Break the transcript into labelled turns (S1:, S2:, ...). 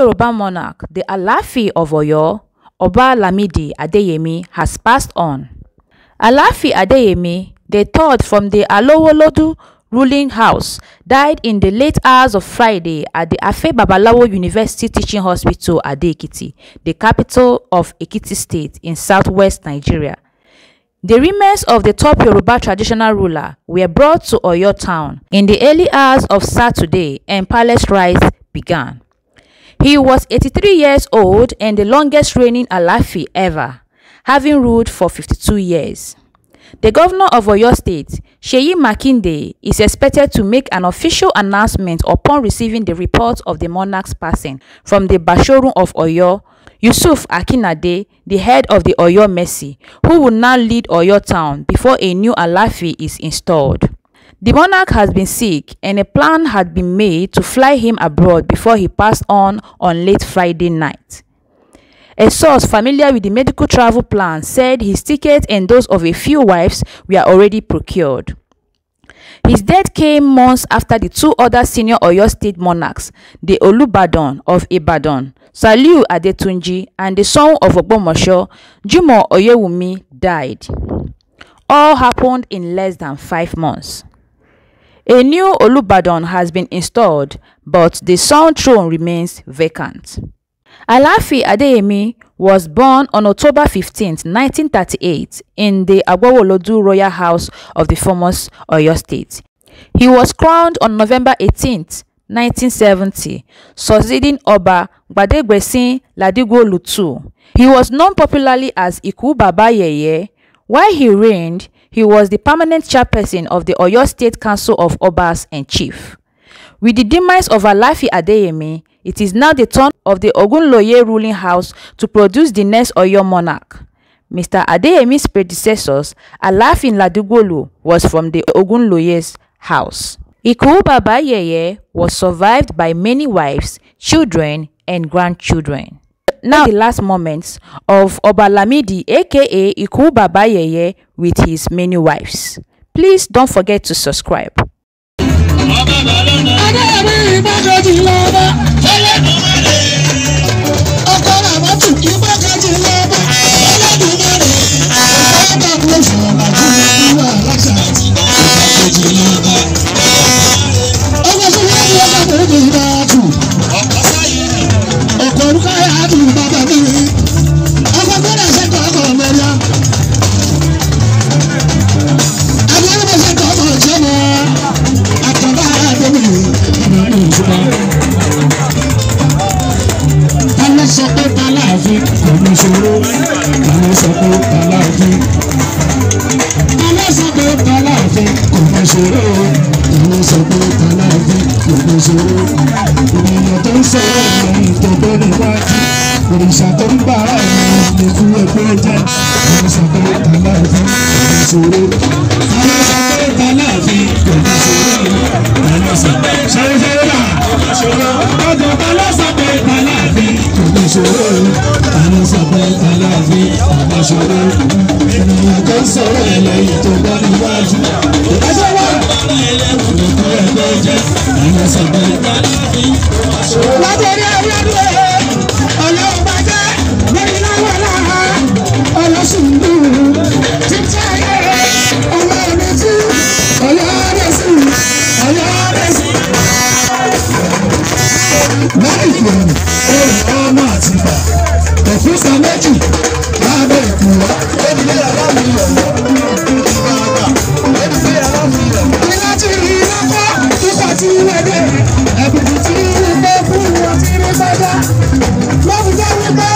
S1: Yoruba monarch, the Alafi of Oyo, Oba Lamidi Adeyemi, has passed on. Alafi Adeyemi, the third from the Alowolodu ruling house, died in the late hours of Friday at the Afe Babalawo University Teaching Hospital, Ade-Ekiti, the capital of Ekiti State in southwest Nigeria. The remains of the top Yoruba traditional ruler were brought to Oyo town in the early hours of Saturday and palace rites began. He was 83 years old and the longest reigning alafi ever, having ruled for 52 years. The governor of Oyo State, Sheyi Makinde, is expected to make an official announcement upon receiving the report of the monarch's passing from the Bashorun of Oyo, Yusuf Akinade, the head of the Oyo Mercy, who will now lead Oyo town before a new alafi is installed. The monarch had been sick and a plan had been made to fly him abroad before he passed on on late Friday night. A source familiar with the medical travel plan said his ticket and those of a few wives were already procured. His death came months after the two other senior Oyo state monarchs, the Olubadan of Ibadan, Saliu Adetunji, and the son of Obomosho, Jumo Oyewumi, died. All happened in less than five months. A new Olubadan has been installed, but the Sun throne remains vacant. Alafi Adeyemi was born on October 15, 1938, in the Agbawolodu royal house of the famous Oyo State. He was crowned on November 18, 1970, succeeding Oba Gbadegbesin Ladigwolu Lutu. He was known popularly as Iku Baba Yeye. While he reigned, He was the permanent chairperson of the Oyo State Council of Obas and Chief. With the demise of Alafi Adeyemi, it is now the turn of the Ogunloye ruling house to produce the next Oyo monarch. Mr. Adeyemi's predecessors, Alafi Ladugolu, was from the Ogunloye's house. Ikuwu Baba Yeye was survived by many wives, children, and grandchildren now the last moments of Oba Lamidi aka Iku Baba Yeye with his many wives. Please don't forget to subscribe. aláàjì oníṣòro aláṣọpọ aláàjì aláṣọpọ aláàjì oníṣòro aláṣọpọ aláàjì oníṣòro ènìyàn tó ń sọ̀rọ̀ ìròyìn tó bẹ níwájú òrìṣà tó ń bá ènìyàn lè kú ẹgbẹ́ jẹ aláṣọpọ aláàjì oníṣòro aláṣọpọ aláàjì oníṣòro aláṣọpọ ṣẹlẹ ṣẹlẹ náà. àbàṣọ̀rọ̀ ènìyàn tó ń sọ̀rọ̀ ẹlẹ́yìn tó bá níwájú. ìdájọ́ wà. bàbá ẹlẹ́wọ̀n tó kọ́ ẹgbẹ́ jẹ́ àwọn sọ̀rọ̀ ẹgbẹ́ láti fún àṣọ. látọ̀rí àwíwájú ẹ̀ ọlọ́run bá jẹ́ lórí láwọn láha ọlọ́sùn dùn títí ayé rẹ̀ ọlọ́run tí ọlọ́run sí ọlọ́run sí. láì fòrò ẹ̀rọ ọmọ àtìgbà òfúsà méjì. tí wọ́n dé you tí wọ́n gbé fún wọn you wọ́n bá dá lọ́wọ́ jẹ́ you.